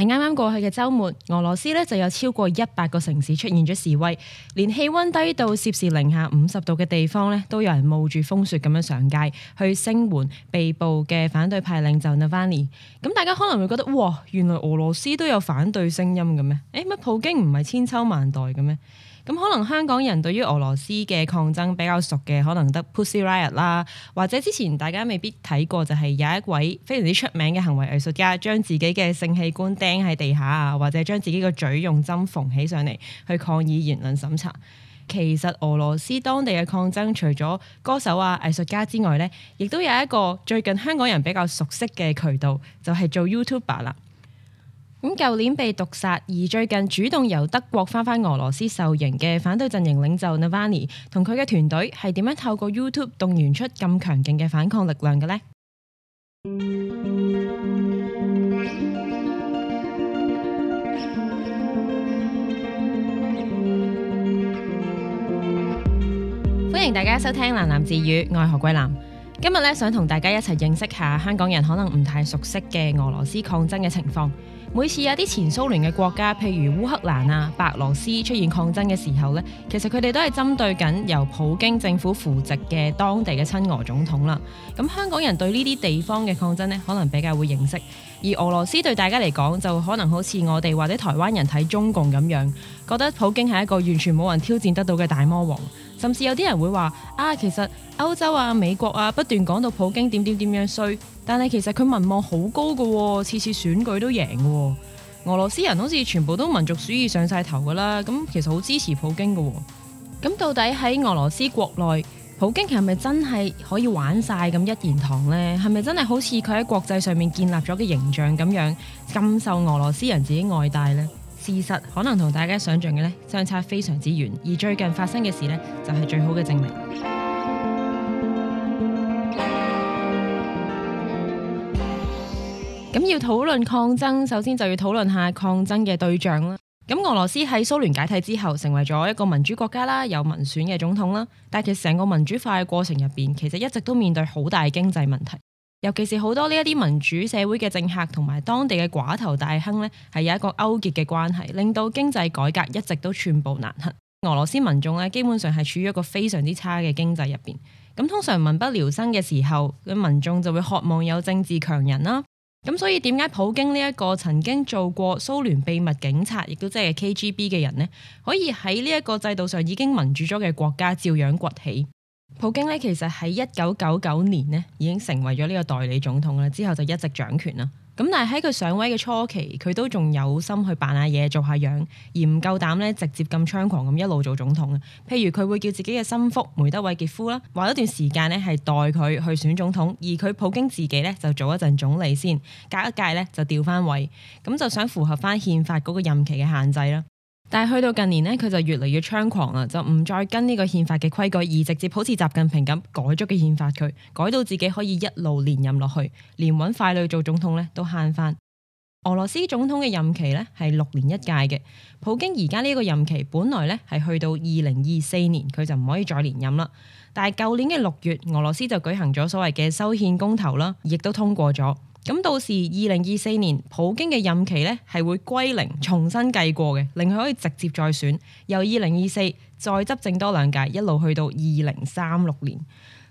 喺啱啱過去嘅週末，俄羅斯咧就有超過一百個城市出現咗示威，連氣温低到攝氏零下五十度嘅地方咧，都有人冒住風雪咁樣上街去聲援被捕嘅反對派領袖納凡尼。咁大家可能會覺得，哇，原來俄羅斯都有反對聲音嘅咩？誒乜普京唔係千秋萬代嘅咩？咁可能香港人對於俄羅斯嘅抗爭比較熟嘅，可能得 Pussy Riot 啦，或者之前大家未必睇過，就係有一位非常之出名嘅行為藝術家，將自己嘅性器官釘喺地下啊，或者將自己個嘴用針縫起上嚟，去抗議言論審查。其實俄羅斯當地嘅抗爭，除咗歌手啊、藝術家之外咧，亦都有一個最近香港人比較熟悉嘅渠道，就係做 YouTuber 啦。咁舊、嗯、年被毒殺，而最近主動由德國翻返俄羅斯受刑嘅反對陣營領袖 Navalny 同佢嘅團隊係點樣透過 YouTube 動員出咁強勁嘅反抗力量嘅呢？ 歡迎大家收聽喃喃自語，愛何桂藍》。今日呢，想同大家一齊認識下香港人可能唔太熟悉嘅俄羅斯抗爭嘅情況。每次有啲前蘇聯嘅國家，譬如烏克蘭啊、白羅斯出現抗爭嘅時候咧，其實佢哋都係針對緊由普京政府扶植嘅當地嘅親俄總統啦。咁、嗯、香港人對呢啲地方嘅抗爭咧，可能比較會認識，而俄羅斯對大家嚟講，就可能好似我哋或者台灣人睇中共咁樣，覺得普京係一個完全冇人挑戰得到嘅大魔王。甚至有啲人會話啊，其實歐洲啊、美國啊不斷講到普京點點點樣衰，但係其實佢民望好高嘅喎、哦，次次選舉都贏嘅喎、哦。俄羅斯人好似全部都民族主義上晒頭㗎啦，咁其實好支持普京嘅喎、哦。咁到底喺俄羅斯國內，普京佢係咪真係可以玩晒咁一言堂呢？係咪真係好似佢喺國際上面建立咗嘅形象咁樣，咁受俄羅斯人自己愛戴呢？事實可能同大家想像嘅呢相差非常之遠，而最近發生嘅事呢就係最好嘅證明。咁要討論抗爭，首先就要討論下抗爭嘅對象啦。咁俄羅斯喺蘇聯解體之後，成為咗一個民主國家啦，有民選嘅總統啦，但係成個民主化嘅過程入邊，其實一直都面對好大經濟問題。尤其是好多呢一啲民主社會嘅政客同埋當地嘅寡頭大亨呢，係有一個勾結嘅關係，令到經濟改革一直都寸步難行。俄羅斯民眾呢，基本上係處於一個非常之差嘅經濟入邊。咁通常民不聊生嘅時候，咁民眾就會渴望有政治強人啦。咁所以點解普京呢一個曾經做過蘇聯秘密警察，亦都即係 KGB 嘅人呢，可以喺呢一個制度上已經民主咗嘅國家照樣崛起？普京咧，其實喺一九九九年咧，已經成為咗呢個代理總統啦，之後就一直掌權啦。咁但係喺佢上位嘅初期，佢都仲有心去扮下嘢，做下樣，而唔夠膽咧，直接咁猖狂咁一路做總統嘅。譬如，佢會叫自己嘅心腹梅德韋傑夫啦，話一段時間咧，係代佢去選總統，而佢普京自己咧，就做一陣總理先，隔一屆咧，就調翻位，咁就想符合翻憲法嗰個任期嘅限制啦。但係去到近年咧，佢就越嚟越猖狂啦，就唔再跟呢個憲法嘅規矩，而直接好似習近平咁改咗個憲法，佢改到自己可以一路連任落去，連揾傀儡做總統咧都慳翻。俄羅斯總統嘅任期咧係六年一屆嘅，普京而家呢個任期本來咧係去到二零二四年，佢就唔可以再連任啦。但係舊年嘅六月，俄羅斯就舉行咗所謂嘅修憲公投啦，亦都通過咗。咁到時二零二四年普京嘅任期呢係會歸零重新計過嘅，令佢可以直接再選，由二零二四再執政多兩屆，一路去到二零三六年。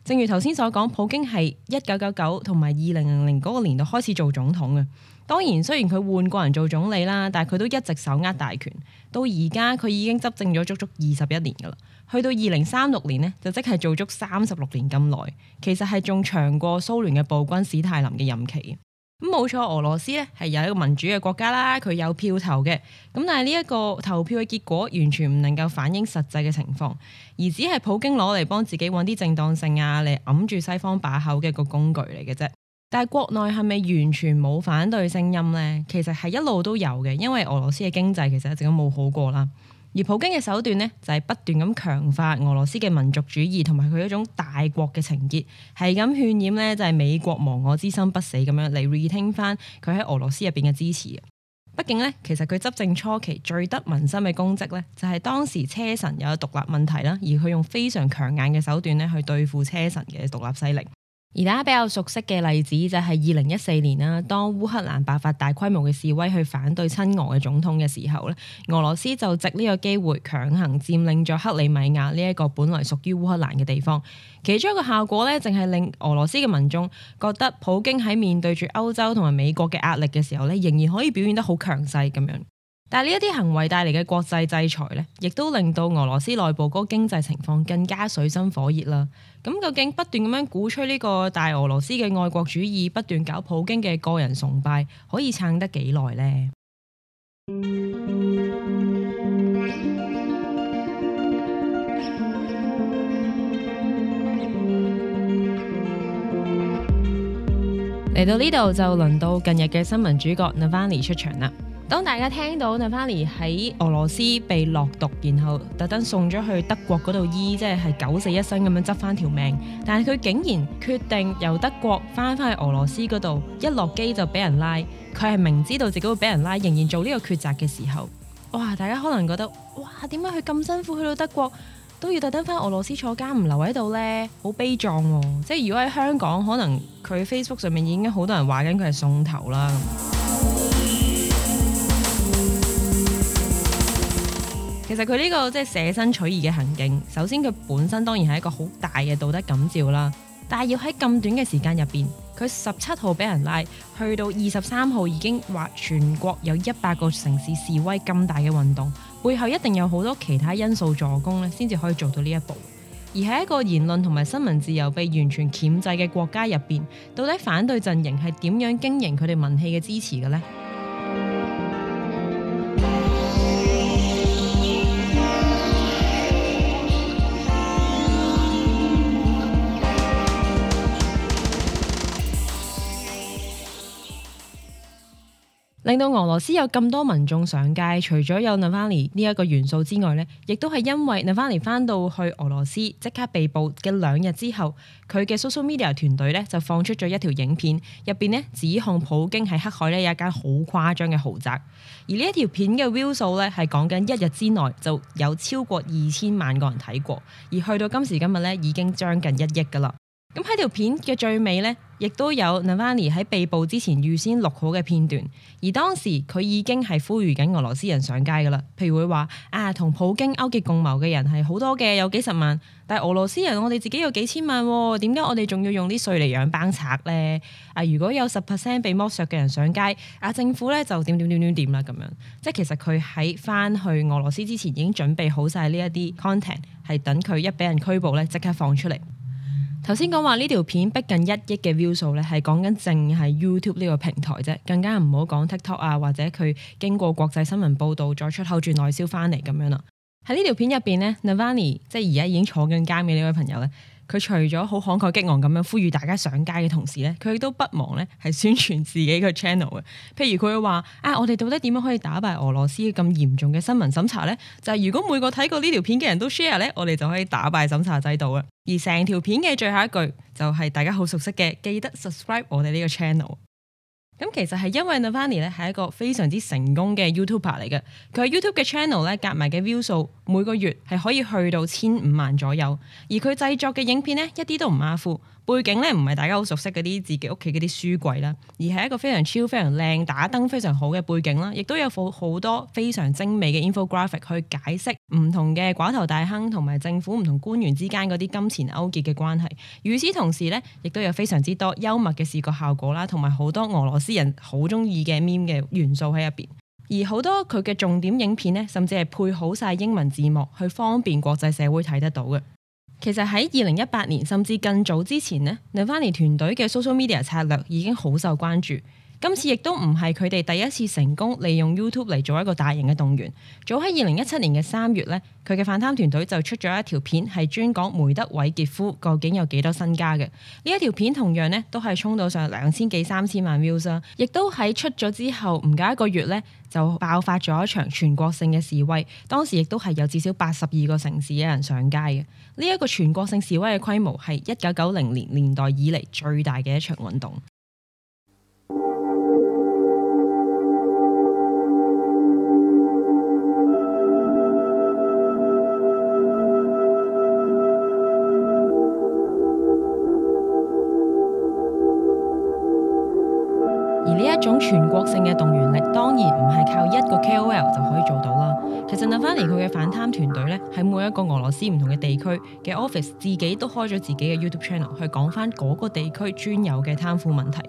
正如頭先所講，普京係一九九九同埋二零零零嗰個年代開始做總統嘅。當然，雖然佢換過人做總理啦，但係佢都一直手握大權。到而家佢已經執政咗足足二十一年㗎喇。去到二零三六年呢，就即係做足三十六年咁耐，其實係仲長過蘇聯嘅暴君史泰林嘅任期。咁冇錯，俄羅斯咧係有一個民主嘅國家啦，佢有票投嘅。咁但係呢一個投票嘅結果，完全唔能夠反映實際嘅情況，而只係普京攞嚟幫自己揾啲正當性啊，嚟揞住西方把口嘅一個工具嚟嘅啫。但係國內係咪完全冇反對聲音呢？其實係一路都有嘅，因為俄羅斯嘅經濟其實一直都冇好過啦。而普京嘅手段咧，就係、是、不斷咁強化俄羅斯嘅民族主義，同埋佢一種大國嘅情結，係咁渲染咧，就係美國亡我之心不死，咁樣嚟 retain 翻佢喺俄羅斯入邊嘅支持。畢竟咧，其實佢執政初期最得民心嘅功績咧，就係、是、當時車臣有獨立問題啦，而佢用非常強硬嘅手段咧去對付車臣嘅獨立勢力。而大家比較熟悉嘅例子就係二零一四年啦，當烏克蘭爆發大規模嘅示威去反對親俄嘅總統嘅時候咧，俄羅斯就藉呢個機會強行佔領咗克里米亞呢一個本來屬於烏克蘭嘅地方。其中一個效果咧，淨係令俄羅斯嘅民眾覺得普京喺面對住歐洲同埋美國嘅壓力嘅時候咧，仍然可以表現得好強勢咁樣。但係呢一啲行為帶嚟嘅國際制裁呢，亦都令到俄羅斯內部嗰個經濟情況更加水深火熱啦。咁究竟不斷咁樣鼓吹呢個大俄羅斯嘅愛國主義，不斷搞普京嘅個人崇拜，可以撐得幾耐呢？嚟到呢度就輪到近日嘅新聞主角 Navalny 出場啦。當大家聽到 Navalny 喺俄羅斯被落毒，然後特登送咗去德國嗰度醫，即係係九死一生咁樣執翻條命，但係佢竟然決定由德國翻返去俄羅斯嗰度，一落機就俾人拉，佢係明知道自己會俾人拉，仍然做呢個抉擇嘅時候，哇！大家可能覺得，哇！點解佢咁辛苦去到德國，都要特登翻俄羅斯坐監唔留喺度呢？好悲壯喎！哦！即係如果喺香港，可能佢 Facebook 上面已經好多人話緊佢係送頭啦。其實佢呢個即係捨身取義嘅行徑，首先佢本身當然係一個好大嘅道德感召啦。但係要喺咁短嘅時間入邊，佢十七號俾人拉，去到二十三號已經話全國有一百個城市示威咁大嘅運動，背後一定有好多其他因素助攻咧，先至可以做到呢一步。而喺一個言論同埋新聞自由被完全鉗制嘅國家入邊，到底反對陣營係點樣經營佢哋民氣嘅支持嘅呢？令到俄羅斯有咁多民眾上街，除咗有 Navalny 呢一個元素之外咧，亦都係因為 Navalny 返到去俄羅斯即刻被捕嘅兩日之後，佢嘅 social media 團隊咧就放出咗一條影片，入邊咧指控普京喺黑海咧有一間好誇張嘅豪宅。而呢一條片嘅 view 數咧係講緊一日之內就有超過二千萬個人睇過，而去到今時今日咧已經將近一億㗎喇。咁喺條片嘅最尾咧，亦都有 Navalny 喺被捕之前預先錄好嘅片段，而當時佢已經係呼籲緊俄羅斯人上街噶啦。譬如會話啊，同普京勾結共謀嘅人係好多嘅，有幾十萬，但係俄羅斯人我哋自己有幾千萬，哦，點解我哋仲要用啲稅嚟養班賊咧？啊，如果有十 percent 被剝削嘅人上街，啊，政府咧就點點點點點啦咁樣。即係其實佢喺翻去俄羅斯之前已經準備好晒呢一啲 content，係等佢一俾人拘捕咧，即刻放出嚟。頭先講話呢條片逼近一億嘅 view 數咧，係講緊淨係 YouTube 呢個平台啫，更加唔好講 TikTok 啊，或者佢經過國際新聞報導再出口轉內銷翻嚟咁樣啦。喺呢條片入邊咧，Navalny 即係而家已經坐緊監嘅呢位朋友咧。佢除咗好慷慨激昂咁樣呼籲大家上街嘅同時咧，佢亦都不忘咧係宣傳自己個 channel 嘅。譬如佢會話啊，我哋到底點樣可以打敗俄羅斯咁嚴重嘅新聞審查咧？就係如果每個睇過呢條片嘅人都 share 咧，我哋就可以打敗審查制度啦。而成條片嘅最後一句就係大家好熟悉嘅，記得 subscribe 我哋呢個 channel。咁其實係因為 Navalny 咧係一個非常之成功嘅 YouTuber 嚟嘅，佢喺 YouTube 嘅 channel 咧，夾埋嘅 view 數每個月係可以去到千五萬左右，而佢製作嘅影片咧一啲都唔馬虎。背景咧唔係大家好熟悉嗰啲自己屋企嗰啲書櫃啦，而係一個非常超、非常靚、打燈、非常好嘅背景啦。亦都有好好多非常精美嘅 infographic 去解釋唔同嘅寡頭大亨同埋政府唔同官員之間嗰啲金錢勾結嘅關係。與此同時咧，亦都有非常之多幽默嘅視覺效果啦，同埋好多俄羅斯人好中意嘅 meme 嘅元素喺入邊。而好多佢嘅重點影片咧，甚至係配好晒英文字幕，去方便國際社會睇得到嘅。其實喺二零一八年甚至更早之前呢，Navalny 團隊嘅 social media 策略已經好受關注。今次亦都唔係佢哋第一次成功利用 YouTube 嚟做一個大型嘅動員。早喺二零一七年嘅三月呢，佢嘅反貪團隊就出咗一條片，係專講梅德韋傑夫究竟有幾多身家嘅。呢一條片同樣呢，都係衝到上兩千幾三千萬 views，亦都喺出咗之後唔夠一個月呢。就爆發咗一場全國性嘅示威，當時亦都係有至少八十二個城市有人上街嘅。呢個全國性示威嘅規模係一九九零年年代以嚟最大嘅一場運動。呢一種全國性嘅動員力當然唔係靠一個 KOL 就可以做到啦。其實諗翻嚟，佢嘅反貪團隊咧，喺每一個俄羅斯唔同嘅地區嘅 office，自己都開咗自己嘅 YouTube channel 去講翻嗰個地區專有嘅貪腐問題。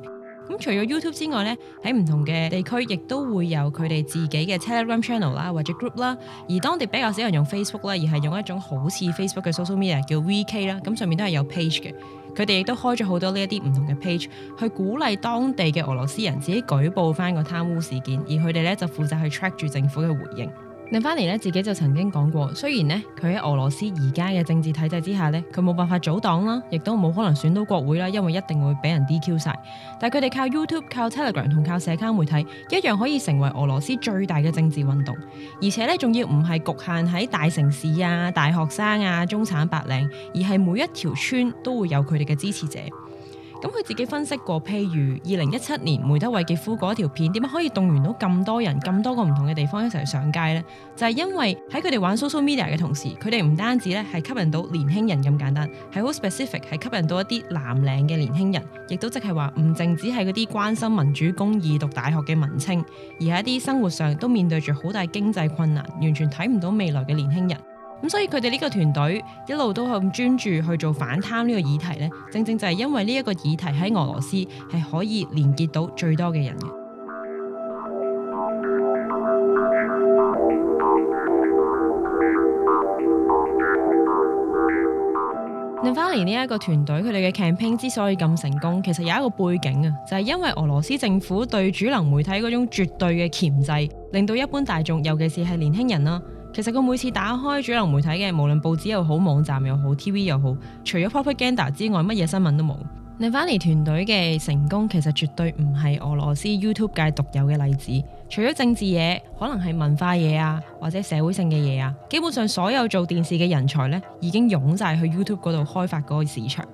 咁、嗯、除咗 YouTube 之外咧，喺唔同嘅地區亦都會有佢哋自己嘅 Telegram channel 啦，或者 group 啦。而當地比較少人用 Facebook 啦，而係用一種好似 Facebook 嘅 social media 叫 VK 啦。咁、嗯、上面都係有 page 嘅，佢哋亦都開咗好多呢一啲唔同嘅 page，去鼓勵當地嘅俄羅斯人自己舉報翻個貪污事件，而佢哋咧就負責去 track 住政府嘅回應。令翻嚟咧，自己就曾經講過，雖然咧佢喺俄羅斯而家嘅政治體制之下咧，佢冇辦法組黨啦，亦都冇可能選到國會啦，因為一定會俾人 DQ 晒。但係佢哋靠 YouTube、靠 Telegram 同靠社交媒體，一樣可以成為俄羅斯最大嘅政治運動。而且咧，仲要唔係局限喺大城市啊、大學生啊、中產白領，而係每一條村都會有佢哋嘅支持者。咁佢自己分析過，譬如二零一七年梅德維傑夫嗰條片，點解可以動員到咁多人、咁多個唔同嘅地方一齊上街呢？就係、是、因為喺佢哋玩 social media 嘅同時，佢哋唔單止咧係吸引到年輕人咁簡單，係好 specific 係吸引到一啲藍領嘅年輕人，亦都即係話唔淨只係嗰啲關心民主公義、讀大學嘅文青，而係一啲生活上都面對住好大經濟困難、完全睇唔到未來嘅年輕人。咁所以佢哋呢個團隊一路都係咁專注去做反貪呢個議題呢，正正就係因為呢一個議題喺俄羅斯係可以連結到最多嘅人嘅。令翻嚟呢一個團隊佢哋嘅 campaign 之所以咁成功，其實有一個背景啊，就係、是、因為俄羅斯政府對主流媒體嗰種絕對嘅鉗制，令到一般大眾，尤其是係年輕人啦、啊。其實佢每次打開主流媒體嘅，無論報紙又好、網站又好、TV 又好，除咗 propaganda 之外，乜嘢新聞都冇。Navalny 團隊嘅成功其實絕對唔係俄羅斯 YouTube 界獨有嘅例子。除咗政治嘢，可能係文化嘢啊，或者社會性嘅嘢啊，基本上所有做電視嘅人才呢已經湧晒去 YouTube 嗰度開發個市場。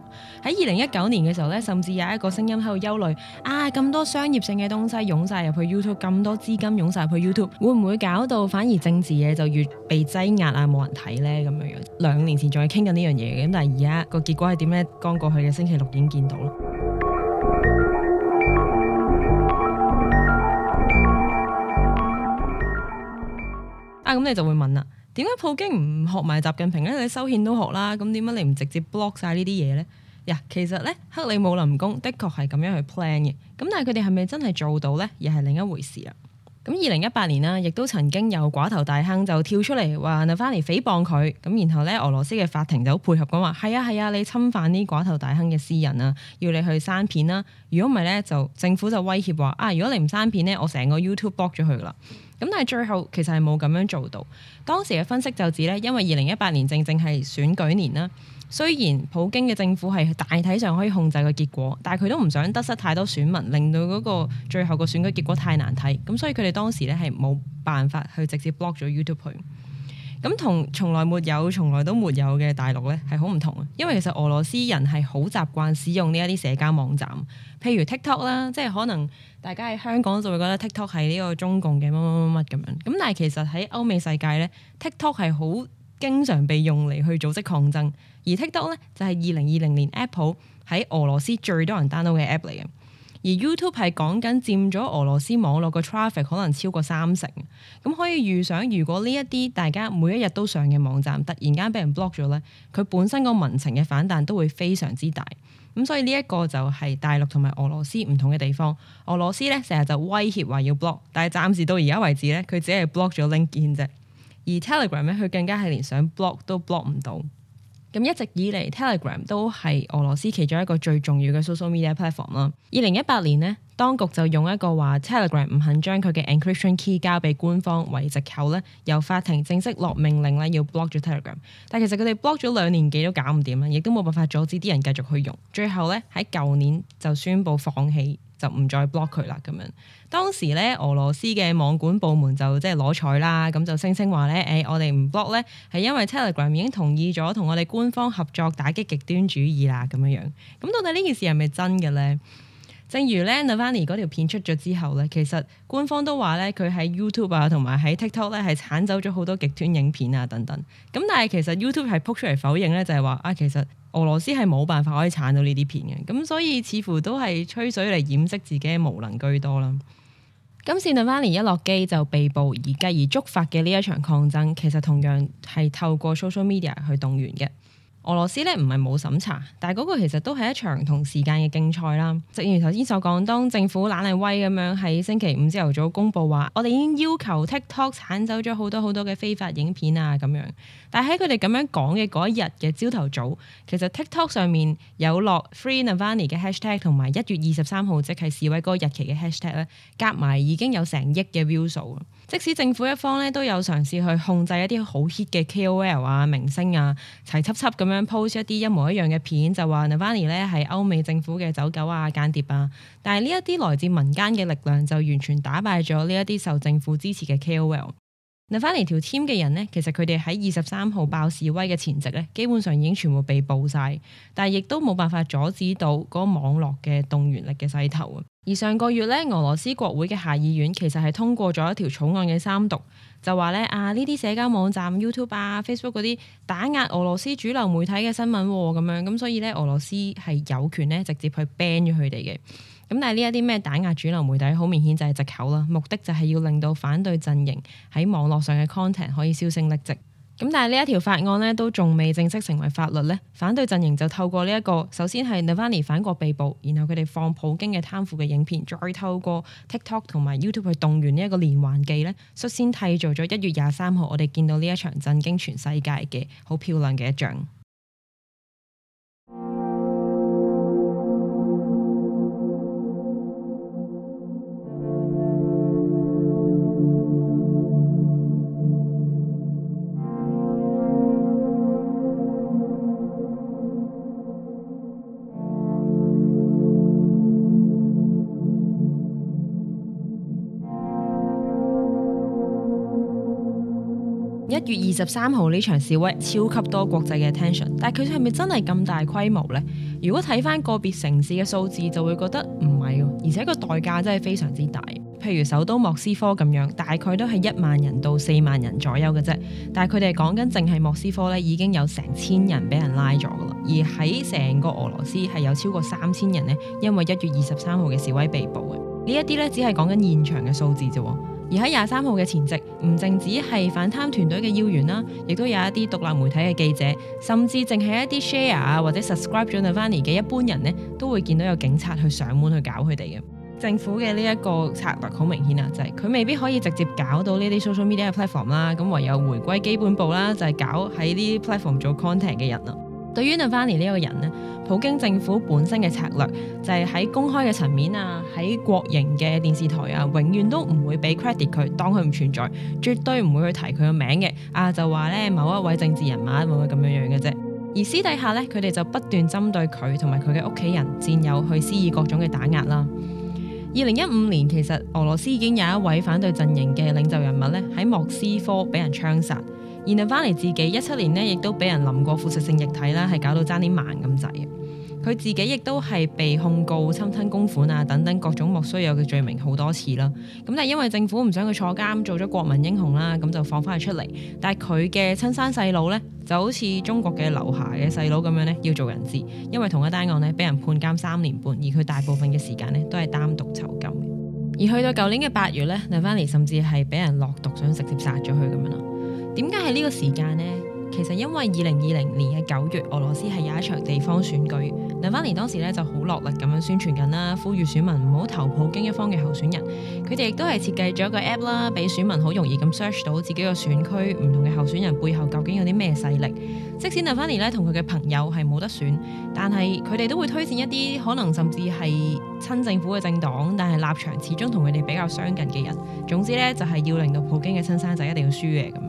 喺二零一九年嘅時候呢，甚至有一個聲音喺度憂慮：啊，咁多商業性嘅東西湧晒入去 YouTube，咁多資金湧晒入去 YouTube，會唔會搞到反而政治嘢就越被擠壓啊，冇人睇呢？咁樣樣？兩年前仲係傾緊呢樣嘢嘅，咁但係而家個結果係點呢？剛過去嘅星期六已經見到啦。啊，咁你就會問啦，點解普京唔學埋習近平咧？你修憲都學啦，咁點解你唔直接 block 晒呢啲嘢咧？呀，其實咧，克里姆林宮的確係咁樣去 plan 嘅，咁但係佢哋係咪真係做到咧？亦係另一回事啦。咁二零一八年啦、啊，亦都曾經有寡頭大亨就跳出嚟話 Navalny 誹謗佢，咁然後咧，俄羅斯嘅法庭就好配合講話，係啊係啊，你侵犯啲寡頭大亨嘅私人啊，要你去刪片啦、啊。如果唔係咧，就政府就威脅話啊，如果你唔刪片咧，我成個 YouTube block 咗佢噶啦。咁但係最後其實係冇咁樣做到。當時嘅分析就指咧，因為二零一八年正正係選舉年啦，雖然普京嘅政府係大體上可以控制個結果，但係佢都唔想得失太多選民，令到嗰個最後個選舉結果太難睇。咁所以佢哋當時咧，係冇辦法去直接 block 咗 YouTube 去。咁同從來沒有、從來都沒有嘅大陸咧係好唔同啊！因為其實俄羅斯人係好習慣使用呢一啲社交網站，譬如 TikTok 啦，即係可能大家喺香港就會覺得 TikTok 係呢個中共嘅乜乜乜乜咁樣。咁但係其實喺歐美世界咧，TikTok 係好經常被用嚟去組織抗爭，而 TikTok 咧就係二零二零年 Apple 喺俄羅斯最多人 download 嘅 app 嚟嘅。而 YouTube 係講緊佔咗俄羅斯網絡嘅 traffic 可能超過三成，咁可以預想如果呢一啲大家每一日都上嘅網站突然間俾人 block 咗咧，佢本身個民情嘅反彈都會非常之大。咁所以呢一個就係大陸同埋俄羅斯唔同嘅地方，俄羅斯咧成日就威脅話要 block，但係暫時到而家為止咧，佢只係 block 咗 LinkedIn 啫。而 Telegram 咧，佢更加係連想 block 都 block 唔到。咁一直以嚟 Telegram 都係俄羅斯其中一個最重要嘅 social media platform 啦。二零一八年呢，當局就用一個話 Telegram 唔肯將佢嘅 encryption key 交俾官方為借口咧，由法庭正式落命令咧，要 block 咗 Telegram。但其實佢哋 block 咗兩年幾都搞唔掂啦，亦都冇辦法阻止啲人繼續去用。最後咧，喺舊年就宣布放棄。就唔再 block 佢啦，咁樣。當時咧，俄羅斯嘅網管部門就即係攞彩啦，咁就聲稱話咧，誒、哎，我哋唔 block 咧，係因為 Telegram 已經同意咗同我哋官方合作打擊極端主義啦，咁樣樣。咁到底呢件事係咪真嘅咧？正如 Navalny 嗰條片出咗之後咧，其實官方都話咧佢喺 YouTube 啊，同埋喺 TikTok 咧係剷走咗好多極端影片啊等等。咁但係其實 YouTube 係撲出嚟否認咧，就係話啊，其實俄羅斯係冇辦法可以剷到呢啲片嘅。咁所以似乎都係吹水嚟掩飾自己嘅無能居多啦。今次 Navalny 一落機就被捕，而繼而觸發嘅呢一場抗爭，其實同樣係透過 social media 去動員嘅。俄羅斯咧唔係冇審查，但係嗰個其實都係一場同時間嘅競賽啦。正如頭先所講，當政府懶係威咁樣喺星期五朝頭早公布話，我哋已經要求 TikTok 剷走咗好多好多嘅非法影片啊咁樣。但係喺佢哋咁樣講嘅嗰一日嘅朝頭早，其實 TikTok 上面有落 FreeNavalny 嘅 hashtag 同埋一月二十三號即係示威嗰日期嘅 hashtag 咧，夾埋已經有成億嘅 view 數。即使政府一方都有嘗試去控制一啲好 hit 嘅 KOL 啊、明星啊，齊刷刷咁樣 post 一啲一模一樣嘅片，就話 Navalny 咧係歐美政府嘅走狗啊、間諜啊，但係呢一啲來自民間嘅力量就完全打敗咗呢一啲受政府支持嘅 KOL。嗱，翻嚟條 team 嘅人咧，其實佢哋喺二十三號爆示威嘅前夕咧，基本上已經全部被捕晒，但係亦都冇辦法阻止到嗰個網絡嘅動員力嘅勢頭。而上個月咧，俄羅斯國會嘅下議院其實係通過咗一條草案嘅三讀，就話咧啊呢啲社交網站 YouTube 啊、Facebook 嗰、啊、啲打壓俄羅斯主流媒體嘅新聞咁、哦、樣，咁所以咧俄羅斯係有權咧直接去 ban 咗佢哋嘅。咁但係呢一啲咩打壓主流媒體，好明顯就係藉口啦。目的就係要令到反對陣營喺網絡上嘅 content 可以銷聲匿跡。咁但係呢一條法案呢，都仲未正式成為法律呢。反對陣營就透過呢、這、一個首先係 Navalny 反國被捕，然後佢哋放普京嘅貪腐嘅影片，再透過 TikTok 同埋 YouTube 去動員呢一個連環計呢，率先締造咗一月廿三號我哋見到呢一場震驚全世界嘅好漂亮嘅一仗。一月二十三號呢場示威超級多國際嘅 attention，但係佢係咪真係咁大規模呢？如果睇翻個別城市嘅數字，就會覺得唔係咯，而且個代價真係非常之大。譬如首都莫斯科咁樣，大概都係一萬人到四萬人左右嘅啫。但係佢哋講緊淨係莫斯科咧，已經有成千人俾人拉咗噶啦，而喺成個俄羅斯係有超過三千人呢，因為一月二十三號嘅示威被捕嘅。呢一啲咧，只係講緊現場嘅數字啫。而喺廿三號嘅前夕，唔淨止係反貪團隊嘅要員啦，亦都有一啲獨立媒體嘅記者，甚至淨係一啲 share 或者 subscribe 咗 Navalny 嘅一般人呢，都會見到有警察去上門去搞佢哋嘅。政府嘅呢一個策略好明顯啊，就係、是、佢未必可以直接搞到呢啲 social media platform 啦，咁唯有回歸基本步啦，就係、是、搞喺呢啲 platform 做 content 嘅人咯。對於 Navalny 呢一個人咧，普京政府本身嘅策略就係喺公開嘅層面啊，喺國營嘅電視台啊，永遠都唔會俾 credit 佢，當佢唔存在，絕對唔會去提佢嘅名嘅。啊，就話咧某一位政治人物會咁樣樣嘅啫。而私底下咧，佢哋就不斷針對佢同埋佢嘅屋企人、戰友去施以各種嘅打壓啦。二零一五年其實俄羅斯已經有一位反對陣營嘅領袖人物咧，喺莫斯科俾人槍殺。然後翻嚟自己一七年呢亦都俾人淋過腐蝕性液體啦，係搞到爭啲盲咁滯。佢自己亦都係被控告侵吞公款啊，等等各種莫須有嘅罪名好多次啦。咁但係因為政府唔想佢坐監，做咗國民英雄啦，咁就放翻佢出嚟。但係佢嘅親生細佬呢，就好似中國嘅樓下嘅細佬咁樣呢，要做人質，因為同一單案呢，俾人判監三年半，而佢大部分嘅時間呢，都係單獨囚禁。而去到舊年嘅八月呢，Navalny 甚至係俾人落毒，想直接殺咗佢咁樣啦。點解係呢個時間呢？其實因為二零二零年嘅九月，俄羅斯係有一場地方選舉。納芬尼當時咧就好落力咁樣宣傳緊啦，呼籲選民唔好投普京一方嘅候選人。佢哋亦都係設計咗個 app 啦，俾選民好容易咁 search 到自己個選區唔同嘅候選人背後究竟有啲咩勢力。即使納芬尼咧同佢嘅朋友係冇得選，但係佢哋都會推薦一啲可能甚至係親政府嘅政黨，但係立場始終同佢哋比較相近嘅人。總之咧，就係、是、要令到普京嘅親生仔一定要輸嘅咁。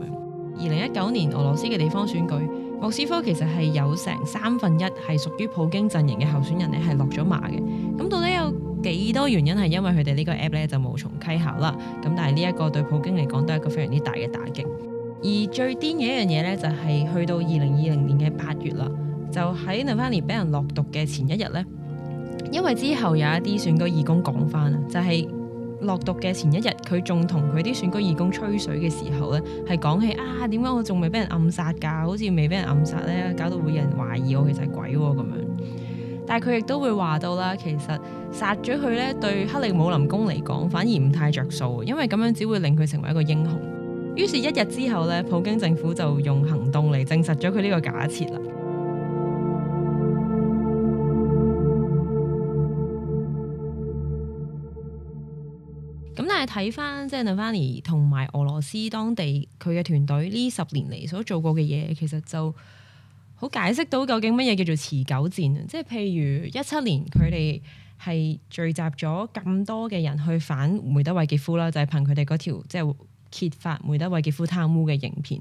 二零一九年俄羅斯嘅地方選舉，莫斯科其實係有成三分一係屬於普京陣營嘅候選人呢係落咗馬嘅。咁到底有幾多原因係因為佢哋呢個 app 咧就無從稽考啦。咁但係呢一個對普京嚟講都係一個非常之大嘅打擊。而最癲嘅一樣嘢呢，就係、是、去到二零二零年嘅八月啦，就喺 Navalny 俾人落毒嘅前一日呢，因為之後有一啲選舉義工講翻啦，就係、是。落毒嘅前一日，佢仲同佢啲選舉義工吹水嘅時候咧，係講起啊，點解我仲未俾人暗殺㗎？好似未俾人暗殺咧，搞到會有人懷疑我其實係鬼喎、啊、咁樣。但係佢亦都會話到啦，其實殺咗佢咧，對克里姆林宮嚟講反而唔太着數，因為咁樣只會令佢成為一個英雄。於是，一日之後咧，普京政府就用行動嚟證實咗佢呢個假設啦。睇翻即係 Navalny 同埋俄羅斯當地佢嘅團隊呢十年嚟所做過嘅嘢，其實就好解釋到究竟乜嘢叫做持久戰。即係譬如一七年佢哋係聚集咗咁多嘅人去反梅德韋傑夫啦，就係、是、憑佢哋嗰條即係、就是、揭發梅德韋傑夫貪污嘅影片。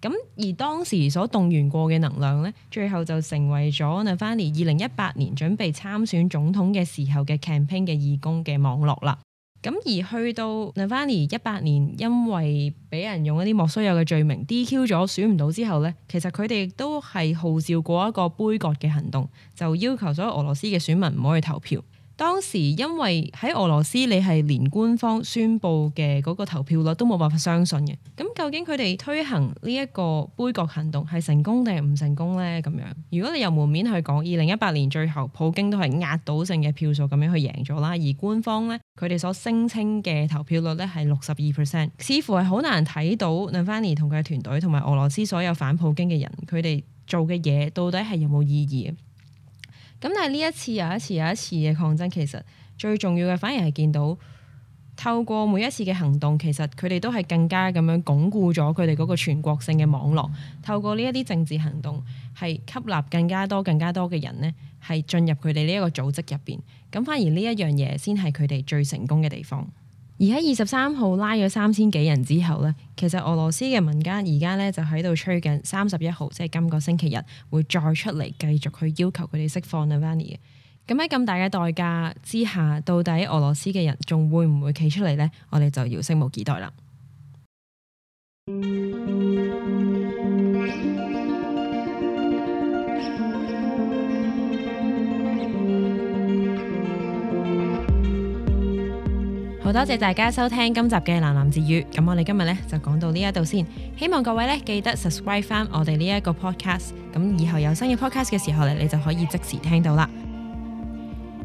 咁而當時所動員過嘅能量咧，最後就成為咗 Navalny 二零一八年準備參選總統嘅時候嘅 campaign 嘅義工嘅網絡啦。咁而去到 Navalny 一八年，因為俾人用一啲莫須有嘅罪名 DQ 咗，選唔到之後咧，其實佢哋亦都係號召過一個杯葛嘅行動，就要求所有俄羅斯嘅選民唔好去投票。當時因為喺俄羅斯，你係連官方宣布嘅嗰個投票率都冇辦法相信嘅。咁究竟佢哋推行呢一個杯葛行動係成功定係唔成功咧？咁樣，如果你由門面去講，二零一八年最後普京都係壓倒性嘅票數咁樣去贏咗啦。而官方咧佢哋所聲稱嘅投票率咧係六十二 percent，似乎係好難睇到 Navalny 同佢嘅團隊同埋俄羅斯所有反普京嘅人佢哋做嘅嘢到底係有冇意義？咁但係呢一次又一次又一次嘅抗爭，其實最重要嘅反而係見到透過每一次嘅行動，其實佢哋都係更加咁樣鞏固咗佢哋嗰個全國性嘅網絡。透過呢一啲政治行動，係吸納更加多、更多、更加多嘅人咧，係進入佢哋呢一個組織入邊。咁反而呢一樣嘢，先係佢哋最成功嘅地方。而喺二十三號拉咗三千幾人之後呢，其實俄羅斯嘅民間而家呢就喺度吹緊三十一號，即係今個星期日會再出嚟繼續去要求佢哋釋放 Navalny 嘅。咁喺咁大嘅代價之下，到底俄羅斯嘅人仲會唔會企出嚟呢？我哋就要拭目以待啦。 多謝大家收聽今集嘅喃喃自語，咁我哋今日咧就講到呢一度先。希望各位咧記得 subscribe 翻我哋呢一個 podcast，咁以後有新嘅 podcast 嘅時候咧，你就可以即時聽到啦。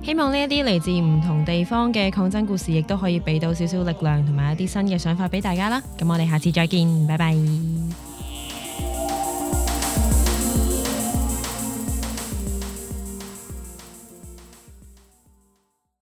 希望呢一啲嚟自唔同地方嘅抗爭故事，亦都可以俾到少少力量同埋一啲新嘅想法俾大家啦。咁我哋下次再見，拜拜。